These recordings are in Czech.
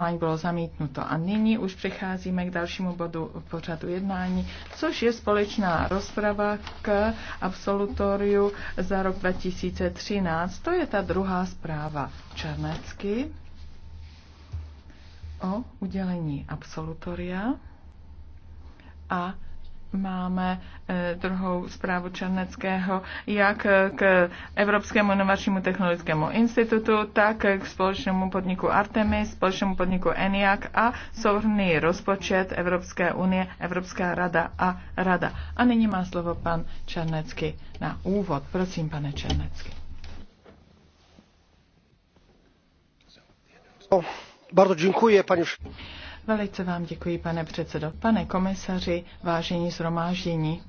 Hlasování bylo zamítnuto. A nyní už přecházíme k dalšímu bodu pořadu jednání, což je společná rozprava k absolutoriu za rok 2013. To je ta druhá zpráva Černecky o udělení absolutoria. A máme eh, druhou zprávu Černeckého, jak eh, k Evropskému inovačnímu technologickému institutu, tak k společnému podniku Artemis, společnému podniku ENIAC a souhrný rozpočet Evropské unie, Evropská rada a rada. A nyní má slovo pan Černecký na úvod. Prosím, pane Černecký. Bardzo dziękuję, panie Velice vám děkuji, pane předsedo. Pane komisaři, vážení zhromáždění,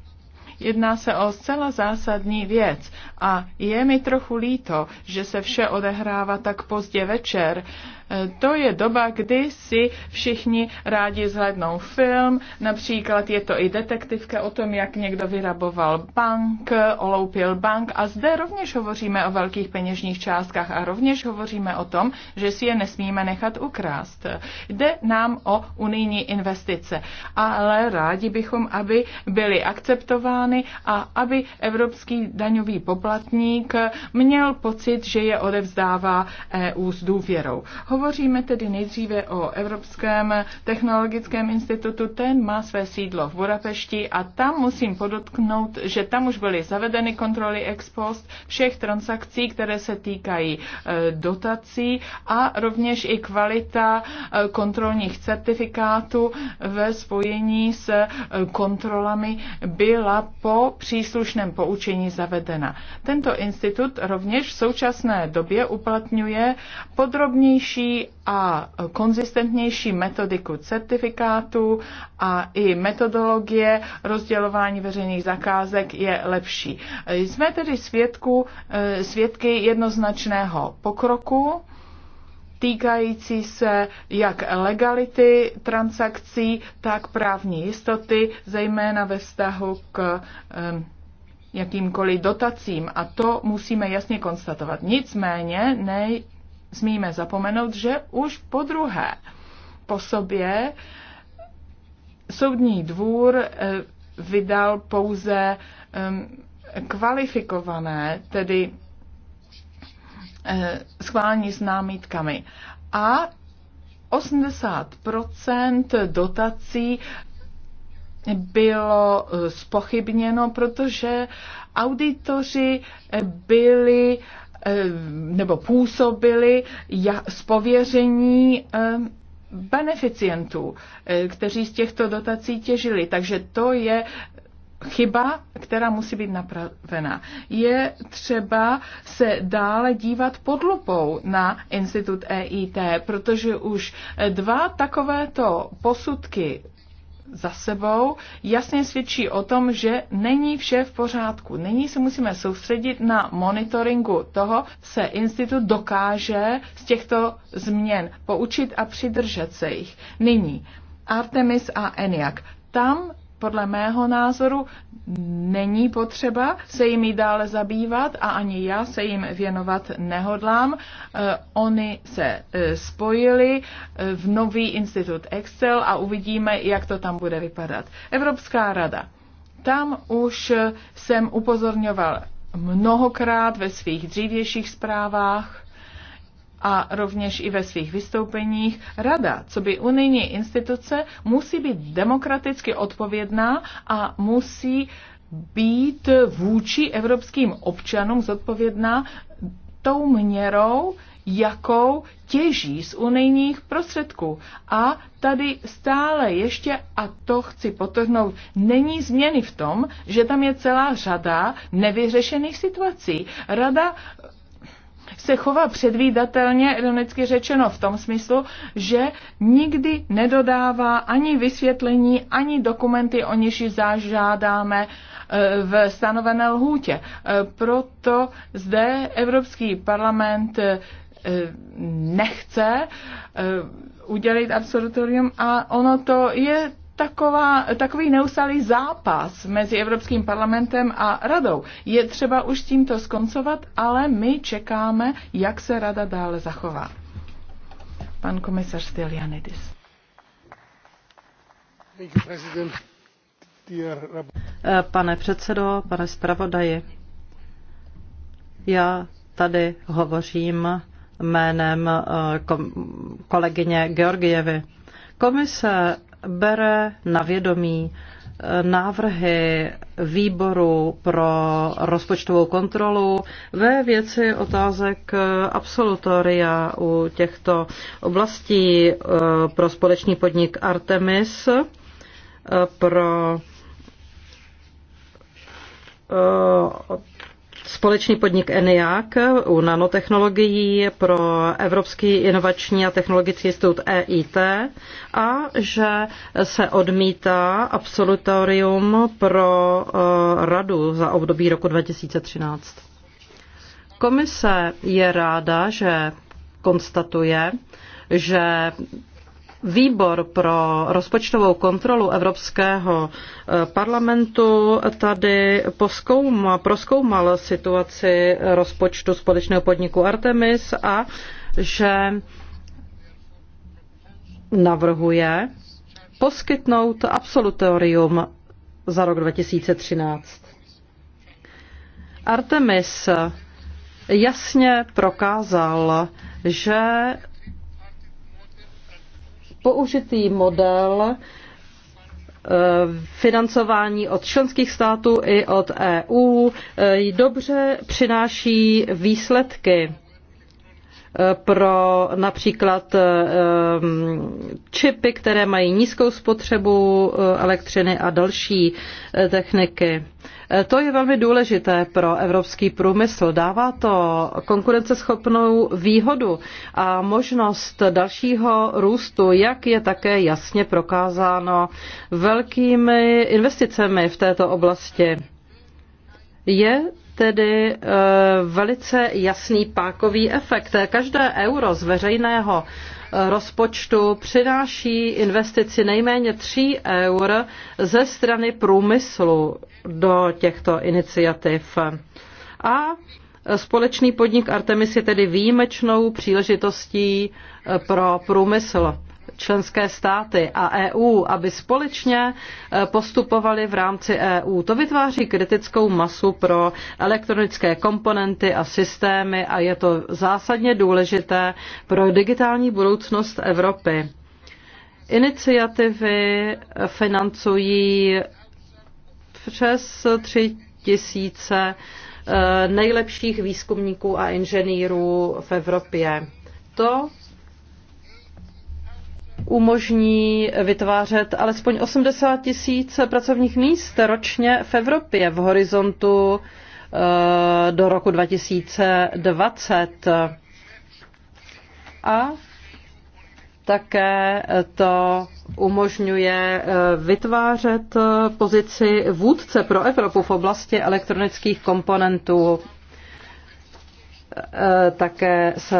Jedná se o zcela zásadní věc a je mi trochu líto, že se vše odehrává tak pozdě večer to je doba, kdy si všichni rádi zhlednou film, například je to i detektivka o tom, jak někdo vyraboval bank, oloupil bank a zde rovněž hovoříme o velkých peněžních částkách a rovněž hovoříme o tom, že si je nesmíme nechat ukrást. Jde nám o unijní investice, ale rádi bychom, aby byly akceptovány a aby evropský daňový poplatník měl pocit, že je odevzdává EU s důvěrou. Hovoříme tedy nejdříve o Evropském technologickém institutu, ten má své sídlo v Budapešti a tam musím podotknout, že tam už byly zavedeny kontroly ex post všech transakcí, které se týkají e, dotací a rovněž i kvalita e, kontrolních certifikátů ve spojení s e, kontrolami byla po příslušném poučení zavedena. Tento institut rovněž v současné době uplatňuje podrobnější a konzistentnější metodiku certifikátu a i metodologie rozdělování veřejných zakázek je lepší. Jsme tedy svědku, eh, svědky jednoznačného pokroku týkající se jak legality transakcí, tak právní jistoty, zejména ve vztahu k eh, jakýmkoliv dotacím a to musíme jasně konstatovat. Nicméně nej, smíme zapomenout, že už po druhé po sobě soudní dvůr eh, vydal pouze ehm, kvalifikované, tedy eh, schválení s námítkami. A 80% dotací bylo eh, spochybněno, protože auditoři byli Eh, nebo působili z pověření eh, beneficientů, eh, kteří z těchto dotací těžili. Takže to je chyba, která musí být napravená. Je třeba se dále dívat pod lupou na institut EIT, protože už dva takovéto posudky za sebou, jasně svědčí o tom, že není vše v pořádku. Nyní se musíme soustředit na monitoringu toho, se institut dokáže z těchto změn poučit a přidržet se jich. Nyní Artemis a ENIAC. Tam podle mého názoru není potřeba se jimi dále zabývat a ani já se jim věnovat nehodlám. Eh, oni se eh, spojili eh, v nový institut Excel a uvidíme, jak to tam bude vypadat. Evropská rada. Tam už jsem upozorňoval mnohokrát ve svých dřívějších zprávách a rovněž i ve svých vystoupeních, rada, co by unijní instituce, musí být demokraticky odpovědná a musí být vůči evropským občanům zodpovědná tou měrou, jakou těží z unijních prostředků. A tady stále ještě, a to chci potrhnout, není změny v tom, že tam je celá řada nevyřešených situací. Rada se chová předvídatelně, ironicky řečeno v tom smyslu, že nikdy nedodává ani vysvětlení, ani dokumenty, o něž zažádáme e, v stanovené lhůtě. E, proto zde Evropský parlament e, nechce udělit absolutorium a ono to je taková, takový neustálý zápas mezi Evropským parlamentem a radou. Je třeba už tím tímto skoncovat, ale my čekáme, jak se rada dále zachová. Pan komisař Stylianidis. Eh, pane předsedo, pane zpravodaji, já tady hovořím jménem eh, kolegyně Georgievy. Komise bere na vědomí eh, návrhy výboru pro rozpočtovou kontrolu ve věci otázek eh, absolutoria u těchto oblastí eh, pro společný podnik Artemis, pro společný podnik ENIAC u nanotechnologií pro Evropský inovační a technologický institut EIT a že se odmítá absolutorium pro eh, radu za období roku 2013. Komise je ráda, že konstatuje, že Výbor pro rozpočtovou kontrolu Evropského eh, parlamentu tady poskouma, proskoumal situaci rozpočtu společného podniku Artemis a že navrhuje poskytnout absolutorium za rok 2013. Artemis jasně prokázal, že použitý model eh, financování od členských států i od EU eh, dobře přináší výsledky eh, pro například čipy, které mají nízkou spotřebu elektřiny a další techniky. Eh, to je velmi důležité pro evropský průmysl. Dává to konkurenceschopnou výhodu a možnost dalšího růstu, jak je také jasně prokázáno velkými investicemi v této oblasti. Je tedy eh, velice jasný pákový efekt. Každé euro z veřejného eh, rozpočtu přináší investici nejméně 3 eur ze strany průmyslu do těchto iniciativ. A společný podnik Artemis je tedy výjimečnou příležitostí eh, pro průmysl členské státy a EU, aby společně e, postupovali v rámci EU. To vytváří kritickou masu pro elektronické komponenty a systémy a je to zásadně důležité pro digitální budoucnost Evropy. Iniciativy financují přes tři tisíce e, nejlepších výzkumníků a inženýrů v Evropě. To umožní vytvářet alespoň 80 tisíc pracovních míst ročně v Evropě v horizontu eh, do roku 2020. A také to umožňuje eh, vytvářet eh, pozici vůdce pro Evropu v oblasti elektronických komponentů Eh, také se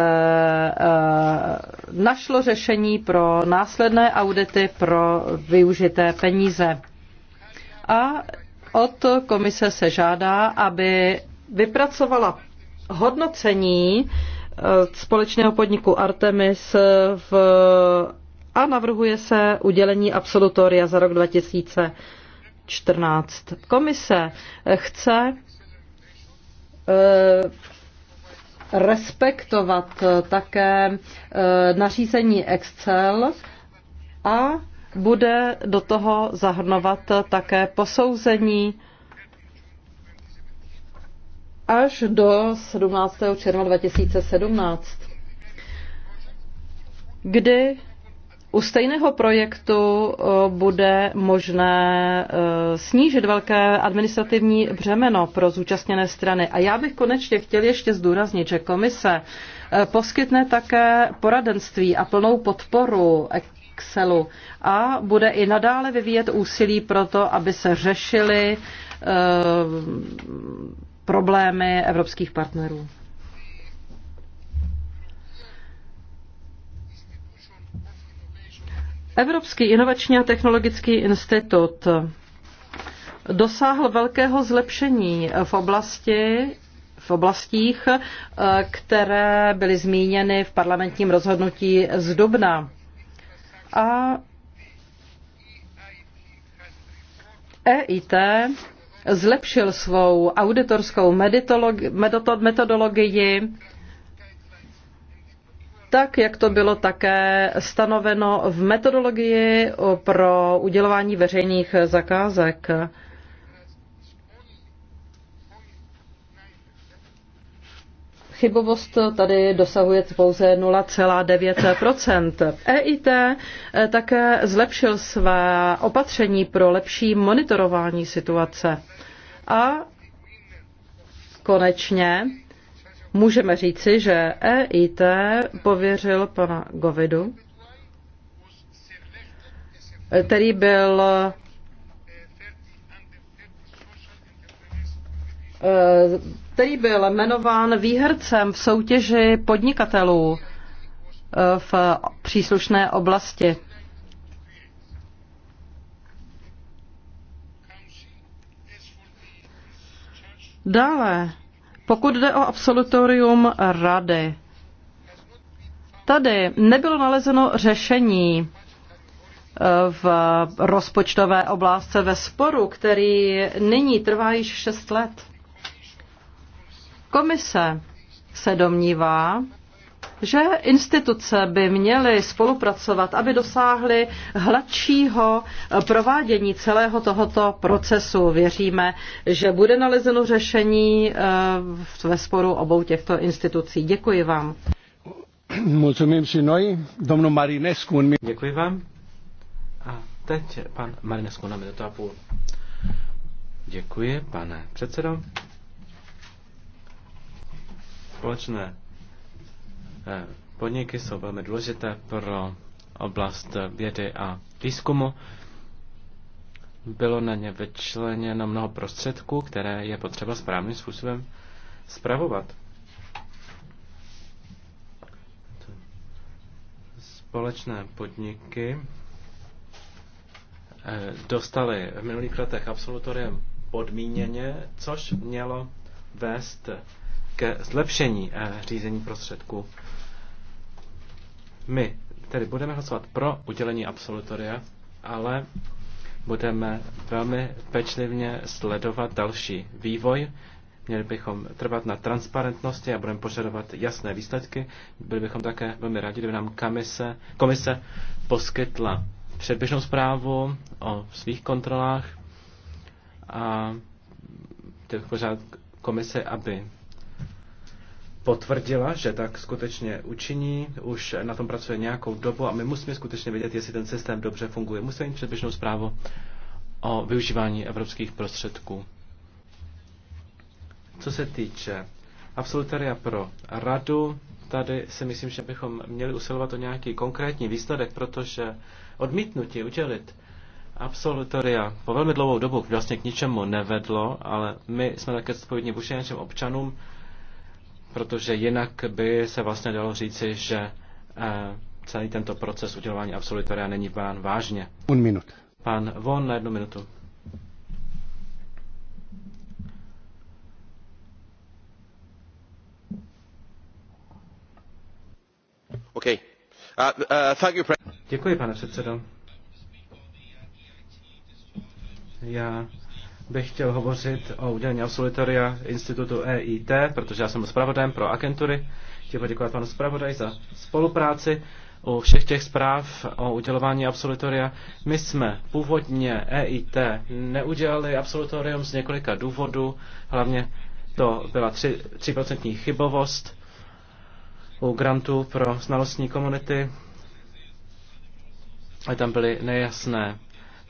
eh, našlo řešení pro následné audity pro využité peníze. A od komise se žádá, aby vypracovala hodnocení eh, společného podniku Artemis v, a navrhuje se udělení absolutoria za rok 2014. Komise chce respektovat eh, také eh, nařízení Excel a bude do toho zahrnovat také posouzení až do 17. června 2017, kdy u stejného projektu eh, bude možné eh, snížit velké administrativní břemeno pro zúčastněné strany. A já bych konečně chtěl ještě zdůraznit, že komise eh, poskytne také poradenství a plnou podporu Excelu a bude i nadále vyvíjet úsilí pro to, aby se řešily problémy evropských partnerů. Evropský inovační a technologický institut dosáhl velkého zlepšení v oblasti v oblastích, eh, které byly zmíněny v parlamentním rozhodnutí z Dubna. A EIT zlepšil svou auditorskou metodologii tak jak to bylo také stanoveno v metodologii pro udělování veřejných zakázek. chybovost tady dosahuje pouze 0,9 EIT eh, také zlepšil své opatření pro lepší monitorování situace. A konečně Můžeme říci, že EIT pověřil pana Govidu, který byl eh, který byl jmenován výhercem v soutěži podnikatelů eh, v příslušné oblasti. Dále pokud jde o absolutorium rady, tady nebylo nalezeno řešení eh, v rozpočtové oblastce ve sporu, který nyní trvá již 6 let. Komise se domnívá, že instituce by měly spolupracovat, aby dosáhly hladšího provádění celého tohoto procesu. Věříme, že bude nalezeno řešení eh, ve sporu obou těchto institucí. Děkuji vám. Děkuji vám. A teď pan Marinescu na minutu a půl. Děkuji, pane předsedo. Společné Eh, podniky jsou velmi důležité pro oblast vědy a výzkumu. Bylo na ně vyčleněno mnoho prostředků, které je potřeba správným způsobem spravovat. Společné podniky eh, dostaly v minulých letech absolutorium podmíněně, což mělo vést ke zlepšení eh, řízení prostředků my tedy budeme hlasovat pro udělení absolutoria, ale budeme velmi pečlivě sledovat další vývoj. Měli bychom trvat na transparentnosti a budeme požadovat jasné výsledky. Byli bychom také velmi rádi, kdyby nám komise, komise poskytla předběžnou zprávu o svých kontrolách a chtěl komise, aby potvrdila, že tak skutečně učiní, už na tom pracuje nějakou dobu a my musíme skutečně vědět, jestli ten systém dobře funguje. Musíme mít předběžnou zprávu o využívání evropských prostředků. Co se týče absolutaria pro radu, tady si myslím, že bychom měli usilovat o nějaký konkrétní výsledek, protože odmítnutí udělit absolutoria po velmi dlouhou dobu vlastně k ničemu nevedlo, ale my jsme také zodpovědní vůči našim občanům, protože jinak by se vlastně dalo říci, že eh, celý tento proces udělování absolutoria není pán vážně. Un minut. Pan Von na jednu minutu. Okay. Uh, uh, thank you, Děkuji, pane předsedo. Já bych chtěl hovořit o udělení absolutoria institutu EIT, protože já jsem zpravodajem pro agentury. Chtěl poděkovat panu zpravodaj za spolupráci u všech těch zpráv o udělování absolutoria. My jsme původně EIT neudělali absolutorium z několika důvodů, hlavně to byla 3%, 3% chybovost u grantů pro znalostní komunity. A tam byly nejasné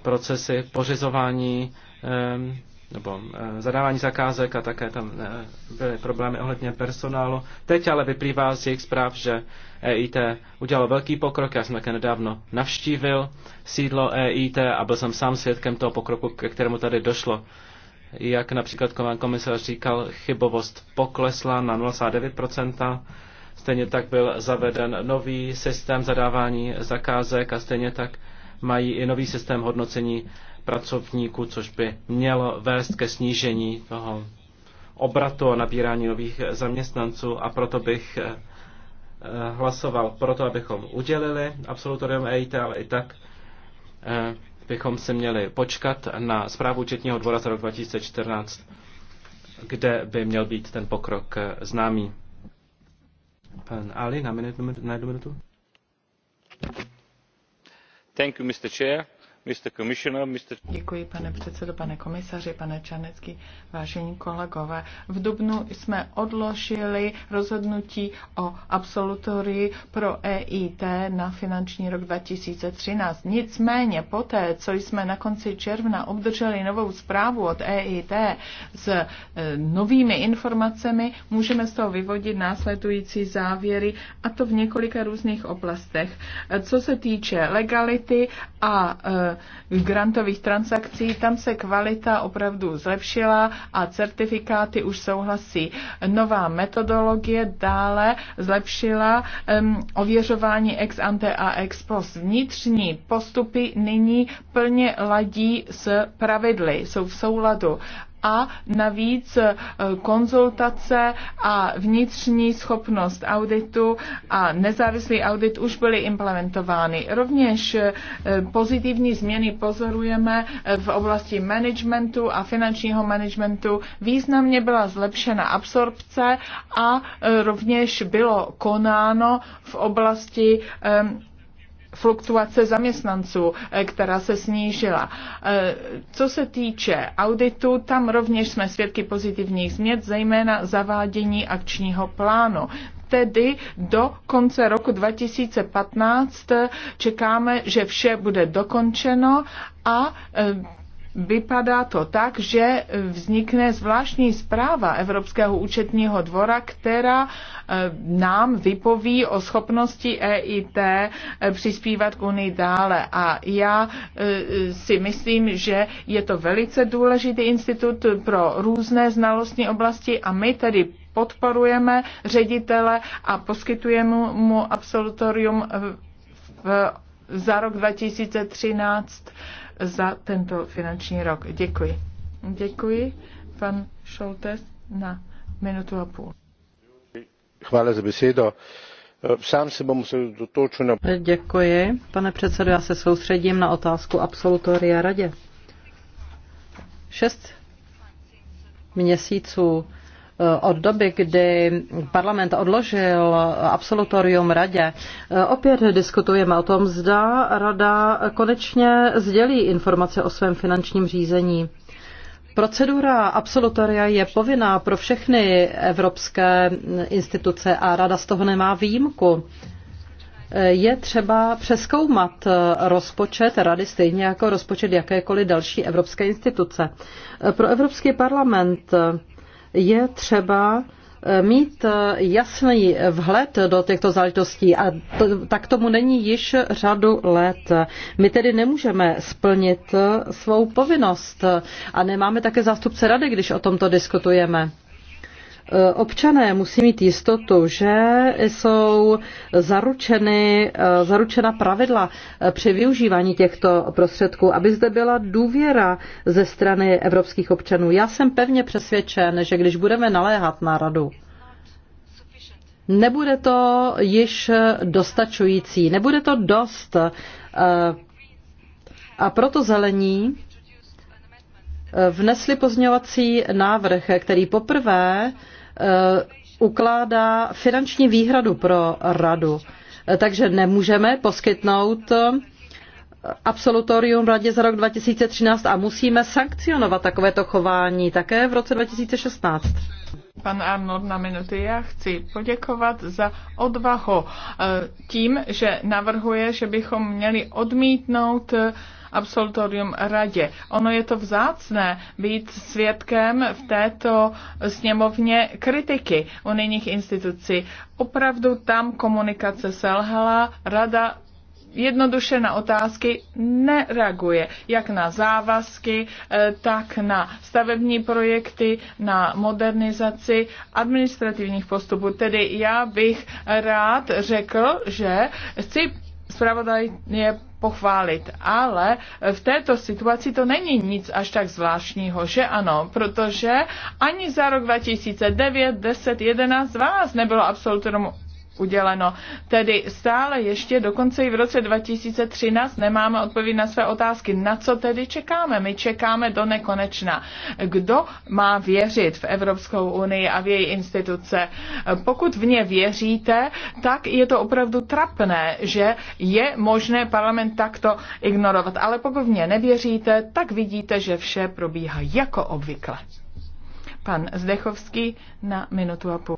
procesy pořizování Ehm, nebo eh, zadávání zakázek a také tam eh, byly problémy ohledně personálu. Teď ale vyplývá z jejich zpráv, že EIT udělalo velký pokrok. Já jsem také nedávno navštívil sídlo EIT a byl jsem sám svědkem toho pokroku, ke kterému tady došlo. Jak například komisař říkal, chybovost poklesla na 0,9%. Stejně tak byl zaveden nový systém zadávání zakázek a stejně tak mají i nový systém hodnocení pracovníků, což by mělo vést ke snížení toho obratu a nabírání nových zaměstnanců a proto bych eh, eh, hlasoval proto, abychom udělili absolutorium EIT, ale i tak eh, bychom se měli počkat na zprávu Četního dvora za rok 2014, kde by měl být ten pokrok známý. Pan Ali, na, minutu, na jednu minutu. Thank you, Mr. Chair. Děkuji, pane předsedo, pane komisaři, pane Čanecký, vážení kolegové. V Dubnu jsme odložili rozhodnutí o absolutorii pro EIT na finanční rok 2013. Nicméně poté, co jsme na konci června obdrželi novou zprávu od EIT s e, novými informacemi, můžeme z toho vyvodit následující závěry, a to v několika různých oblastech. E, co se týče legality a e, grantových transakcí, tam se kvalita opravdu zlepšila a certifikáty už souhlasí. Nová metodologie dále zlepšila um, ověřování ex ante a ex post. Vnitřní postupy nyní plně ladí s pravidly, jsou v souladu a navíc eh, konzultace a vnitřní schopnost auditu a nezávislý audit už byly implementovány. Rovněž eh, pozitivní změny pozorujeme eh, v oblasti managementu a finančního managementu. Významně byla zlepšena absorpce a rovněž bylo konáno v oblasti fluktuace zaměstnanců, eh, která se snížila. Eh, co se týče auditu, tam rovněž jsme svědky pozitivních změn, zejména zavádění akčního plánu tedy do konce roku 2015 eh, čekáme, že vše bude dokončeno a vypadá to tak, že vznikne zvláštní zpráva Evropského účetního dvora, která e, nám vypoví o schopnosti EIT e, přispívat k Unii dále. A já e, si myslím, že je to velice důležitý institut pro různé znalostní oblasti a my tedy podporujeme ředitele a poskytujeme mu absolutorium v, za rok 2013 za tento finanční rok. Děkuji. Děkuji, pan Šoltes, na minutu a půl. Chvále za besedo. Sám se bom dotočil na... Děkuji, pane předsedo. Já se soustředím na otázku absolutoria radě. Šest měsíců Eh, od doby, kdy parlament odložil absolutorium radě, eh, opět diskutujeme o tom, zda rada konečně sdělí informace o svém finančním řízení. Procedura absolutoria je povinná pro všechny evropské instituce a rada z toho nemá výjimku eh, je třeba přeskoumat rozpočet rady stejně jako rozpočet jakékoliv další evropské instituce. Pro Evropský parlament je třeba eh, mít eh, jasný vhled do těchto záležitostí a to, tak tomu není již řadu let. My tedy nemůžeme splnit eh, svou povinnost a nemáme také zástupce rady, když o tomto diskutujeme. Eh, občané musí mít jistotu, že jsou zaručeny, eh, zaručena pravidla eh, při využívání těchto prostředků, aby zde byla důvěra ze strany evropských občanů. Já jsem pevně přesvědčen, že když budeme naléhat na radu, nebude to již dostačující, nebude to dost. A proto zelení vnesli pozměňovací návrh, který poprvé Eh, ukládá finanční výhradu pro radu. Eh, takže nemůžeme poskytnout eh, absolutorium v radě za rok 2013 a musíme sankcionovat takovéto chování také v roce 2016. Pan Arnold na minuty. Já chci poděkovat za odvahu tím, že navrhuje, že bychom měli odmítnout absolutorium radě. Ono je to vzácné být svědkem v této sněmovně kritiky unijních institucí. Opravdu tam komunikace selhala, rada jednoduše na otázky nereaguje. Jak na závazky, eh, tak na stavební projekty, na modernizaci administrativních postupů. Tedy já bych rád řekl, že chci zpravodaj je pochválit. Ale v této situaci to není nic až tak zvláštního, že ano, protože ani za rok 2009, 10, 11, 12 nebylo absolutorium uděleno. Tedy stále ještě, dokonce i v roce 2013, nemáme odpověď na své otázky. Na co tedy čekáme? My čekáme do nekonečna. Kdo má věřit v Evropskou unii a v její instituce? Pokud v ně věříte, tak je to opravdu trapné, že je možné parlament takto ignorovat. Ale pokud v ně nevěříte, tak vidíte, že vše probíhá jako obvykle. Pan Zdechovský na minutu a půl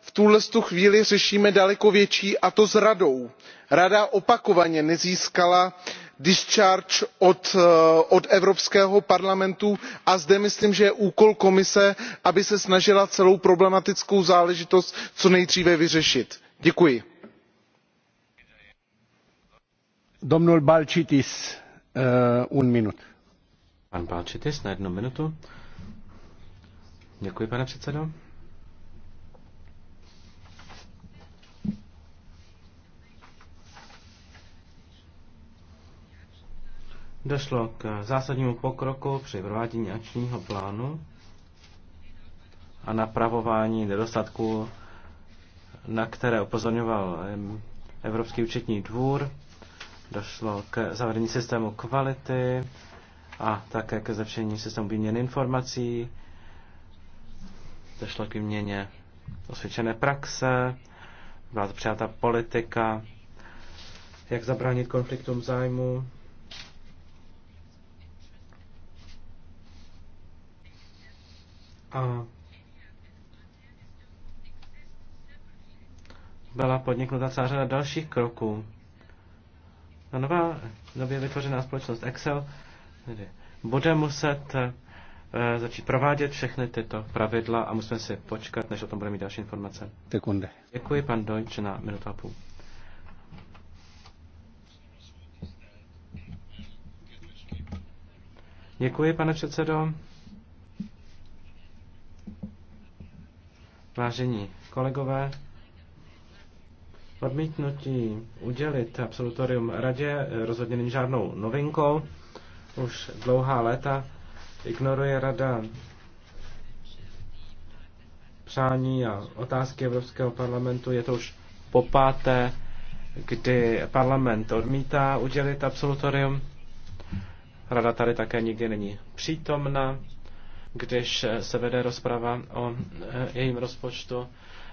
v tuhle chvíli řešíme daleko větší a to s radou. rada opakovaně nezískala eh, od evropského parlamentu a zde myslím že je úkol komise aby se snažila celou problematickou záležitost co nejdříve vyřešit. děkuji. Balčitis, eh, minut. Pan Balčitis minutu. pane předsedo. Došlo k zásadnímu pokroku při provádění akčního plánu a napravování nedostatků, na které upozorňoval Evropský účetní dvůr. Došlo k zavedení systému kvality a také ke zlepšení systému výměny informací. Došlo k výměně osvědčené praxe, byla to přijata politika, jak zabránit konfliktům zájmu. a byla podniknuta celá řada dalších kroků. Na nová, nově vytvořená společnost Excel tedy bude muset e, začít provádět všechny tyto pravidla a musíme si počkat, než o tom bude mít další informace. Sekunde. Děkuji, pan Dojč, na minutu a půl. Děkuji, pane předsedo. Vážení kolegové, odmítnutí udělit absolutorium radě eh, rozhodně není žádnou novinkou. Už dlouhá léta ignoruje rada přání a otázky Evropského parlamentu. Je to už po páté, kdy parlament odmítá udělit absolutorium. Rada tady také nikdy není přítomna když se vede rozprava o eh, jejím rozpočtu.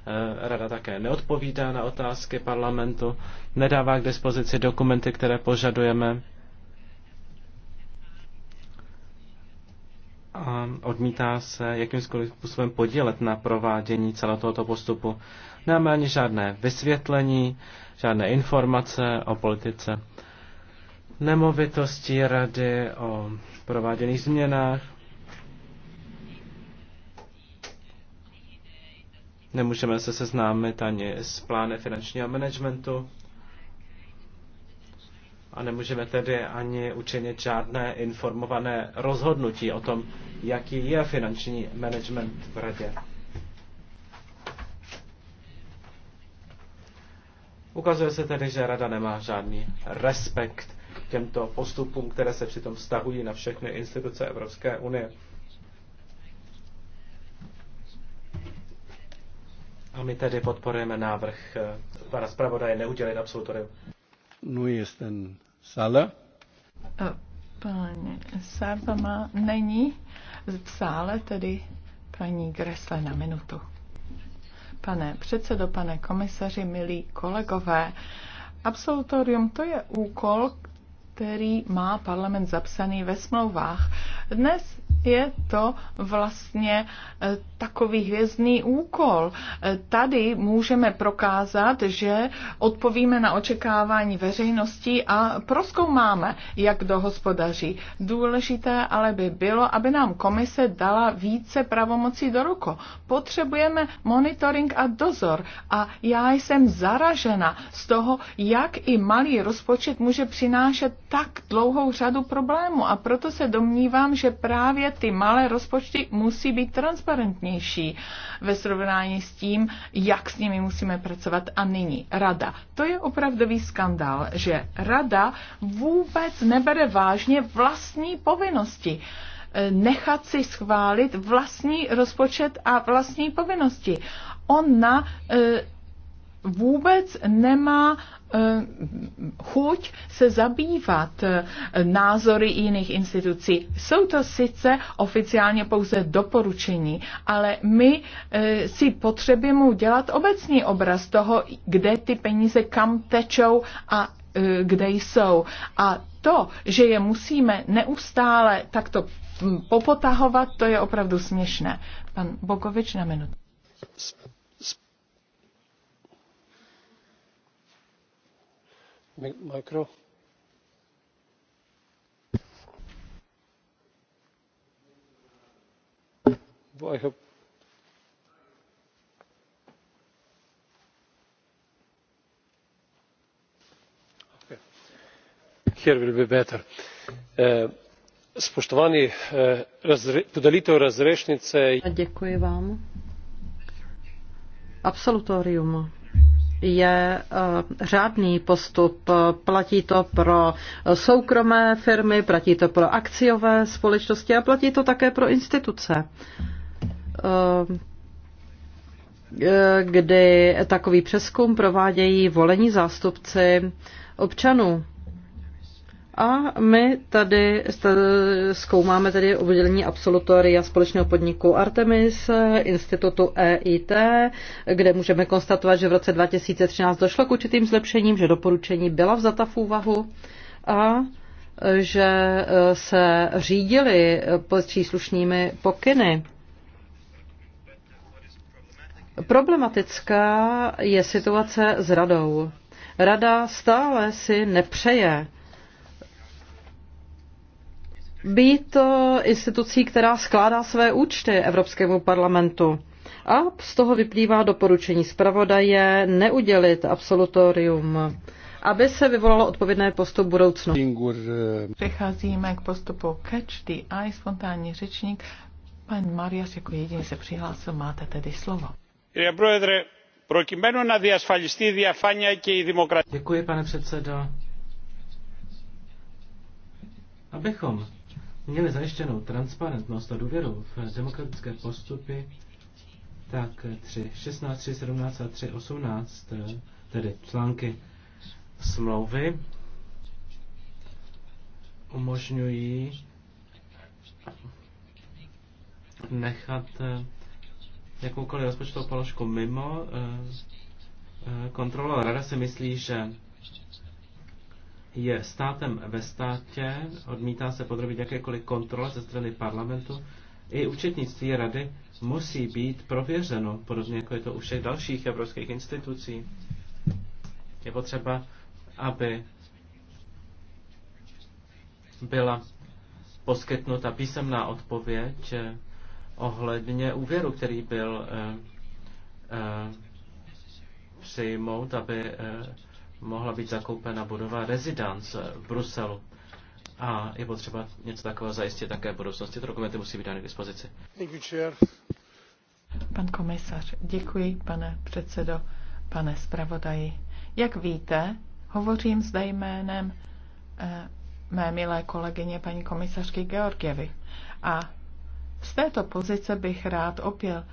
Eh, rada také neodpovídá na otázky parlamentu, nedává k dispozici dokumenty, které požadujeme a odmítá se jakýmkoliv způsobem podílet na provádění celého tohoto postupu. Nemáme ani žádné vysvětlení, žádné informace o politice nemovitosti rady, o prováděných změnách. Nemůžeme se seznámit ani s plány finančního managementu a nemůžeme tedy ani učinit žádné informované rozhodnutí o tom, jaký je finanční management v radě. Ukazuje se tedy, že rada nemá žádný respekt těmto postupům, které se přitom vztahují na všechny instituce Evropské unie. A my tedy podporujeme návrh eh, pana zpravodaje neudělit absolutorium. No jest ten Sala. Pan Sarvama není v sále, tedy paní Gresle na minutu. Pane předsedo, pane komisaři, milí kolegové, absolutorium to je úkol, který má parlament zapsaný ve smlouvách. Dnes je to vlastně e, takový hvězdný úkol. E, tady můžeme prokázat, že odpovíme na očekávání veřejnosti a proskoumáme, jak do hospodaří. Důležité ale by bylo, aby nám komise dala více pravomocí do ruko. Potřebujeme monitoring a dozor a já jsem zaražena z toho, jak i malý rozpočet může přinášet tak dlouhou řadu problémů a proto se domnívám, že právě ty malé rozpočty musí být transparentnější ve srovnání s tím, jak s nimi musíme pracovat. A nyní rada. To je opravdový skandál, že rada vůbec nebere vážně vlastní povinnosti eh, nechat si schválit vlastní rozpočet a vlastní povinnosti. Ona eh, vůbec nemá Eh, chuť se zabývat eh, názory jiných institucí. Jsou to sice oficiálně pouze doporučení, ale my eh, si potřebujeme udělat obecný obraz toho, kde ty peníze kam tečou a kde jsou. A to, že je musíme neustále takto hm, popotahovat, to je opravdu směšné. Pan Bokovič na minutu Mikro. I eh, spoštovani eh, podelitev razrešnice. absolutorium je eh, řádný postup. Platí to pro soukromé firmy, platí to pro akciové společnosti a platí to také pro instituce eh, kdy takový přeskum provádějí volení zástupci občanů. A my tady zkoumáme tady udělení absolutoria společného podniku Artemis, institutu EIT, kde můžeme konstatovat, že v roce 2013 došlo k určitým zlepšením, že doporučení byla vzata v úvahu a že eh, se řídili příslušnými pokyny. Problematická je situace s radou. Rada stále si nepřeje být institucí, která skládá své účty Evropskému parlamentu. A z toho vyplývá doporučení zpravodaje neudělit absolutorium aby se vyvolalo odpovědné postup budoucnu. Přecházíme k postupu Catch the Eye, spontánní řečník. Pan Marias jako jediný se přihlásil, máte tedy slovo. Děkuji, pane předsedo. Abychom měli zajištěnou transparentnost a důvěru v demokratické postupy, tak 3, 16, 3, 17 a 3, 18, tedy články smlouvy, umožňují nechat eh, jakoukoliv rozpočtovou položku mimo eh, eh, kontrolu. Rada si myslí, že je státem ve státě, odmítá se podrobit jakékoliv kontrole ze strany parlamentu. I účetnictví rady musí být prověřeno, podobně jako je to u všech dalších evropských institucí. Je potřeba, aby byla poskytnuta písemná odpověď eh, ohledně úvěru, který byl eh, eh, přijmout, aby eh, mohla být zakoupena budova rezidence v Bruselu. A je potřeba něco takového zajistit také v budoucnosti. Ty dokumenty musí být dány k dispozici. Pan komisař, děkuji, pane předsedo, pane zpravodaji. Jak víte, hovořím zde jménem eh, mé milé kolegyně paní komisařky Georgievy. A z této pozice bych rád opět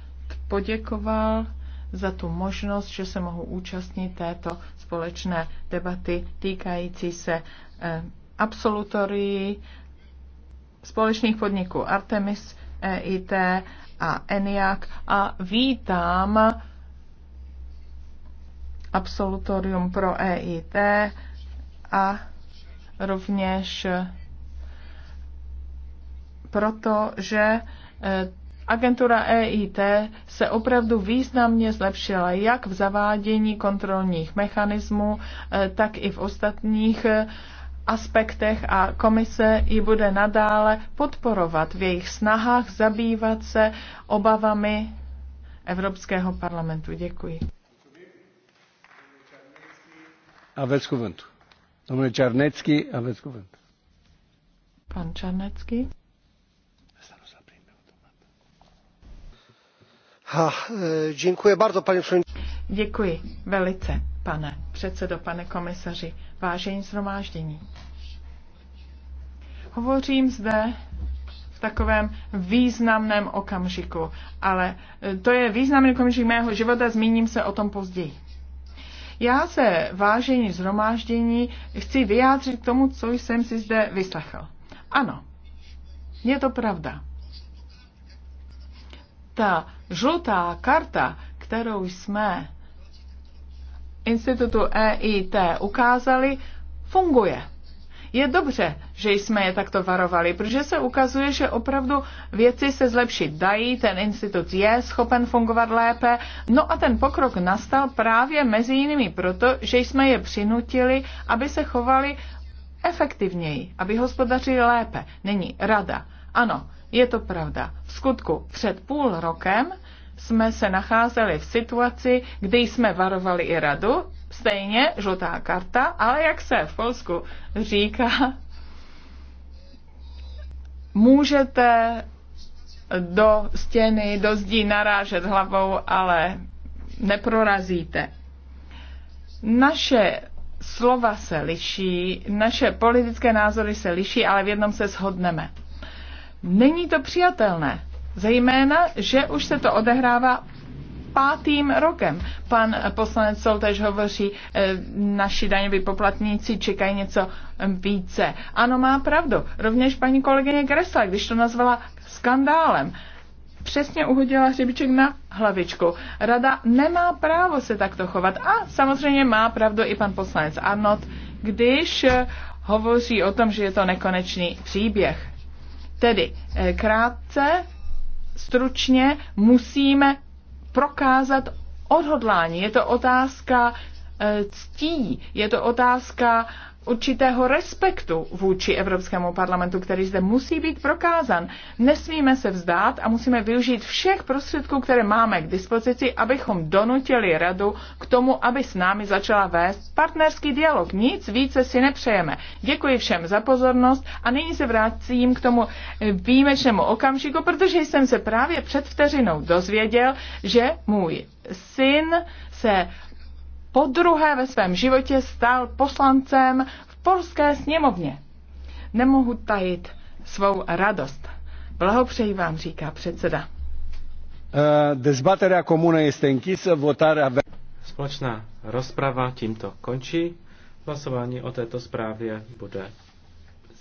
poděkoval za tu možnost, že se mohu účastnit této společné debaty týkající se eh, absolutorii společných podniků Artemis, EIT a ENIAC a vítám absolutorium pro EIT a rovněž proto, že eh, Agentura EIT se opravdu významně zlepšila jak v zavádění kontrolních mechanismů, eh, tak i v ostatních eh, aspektech a komise ji bude nadále podporovat v jejich snahách zabývat se obavami Evropského parlamentu. Děkuji. Aveți cuvântul. Domnule Cernețchi, Pan Čarnecký. E, Děkuji velice, pane předsedo, pane komisaři, vážení zhromáždění. Hovořím zde v takovém významném okamžiku, ale e, to je významný okamžik mého života, zmíním se o tom později. Já se, vážení zhromáždění, chci vyjádřit k tomu, co jsem si zde vyslechl. Ano, je to pravda ta žlutá karta, kterou jsme institutu EIT ukázali, funguje. Je dobře, že jsme je takto varovali, protože se ukazuje, že opravdu věci se zlepšit dají, ten institut je schopen fungovat lépe. No a ten pokrok nastal právě mezi jinými proto, že jsme je přinutili, aby se chovali efektivněji, aby hospodařili lépe. Není rada. Ano, je to pravda. V skutku před půl rokem jsme se nacházeli v situaci, kdy jsme varovali i radu, stejně žlutá karta, ale jak se v Polsku říká, můžete do stěny, do zdí narážet hlavou, ale neprorazíte. Naše slova se liší, naše politické názory se liší, ale v jednom se shodneme Není to přijatelné. Zejména, že už se to odehrává pátým rokem. Pan poslanec Soltež hovoří, eh, naši daňoví poplatníci čekají něco eh, více. Ano, má pravdu. Rovněž paní kolegyně Gresla, když to nazvala skandálem, přesně uhodila hřebiček na hlavičku. Rada nemá právo se takto chovat. A samozřejmě má pravdu i pan poslanec Arnott, když eh, hovoří o tom, že je to nekonečný příběh. Tedy eh, krátce, stručně musíme prokázat odhodlání. Je to otázka E, ctí. Je to otázka určitého respektu vůči Evropskému parlamentu, který zde musí být prokázan. Nesmíme se vzdát a musíme využít všech prostředků, které máme k dispozici, abychom donutili radu k tomu, aby s námi začala vést partnerský dialog. Nic více si nepřejeme. Děkuji všem za pozornost a nyní se vracím k tomu výjimečnému okamžiku, protože jsem se právě před vteřinou dozvěděl, že můj syn se po druhé ve svém životě stal poslancem v polské sněmovně. Nemohu tajit svou radost. Blahopřeji vám, říká předseda. Eh, dezbaterea comună je închisă, votarea... Společná rozprava tímto končí. Hlasování o této zprávě bude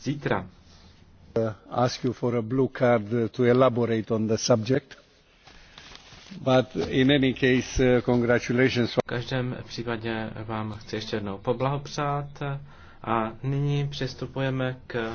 zítra. Eh, ask you for a blue card to elaborate on the subject. But in any case, uh, congratulations. V každém případě vám chci ještě jednou poblahopřát a nyní přistupujeme k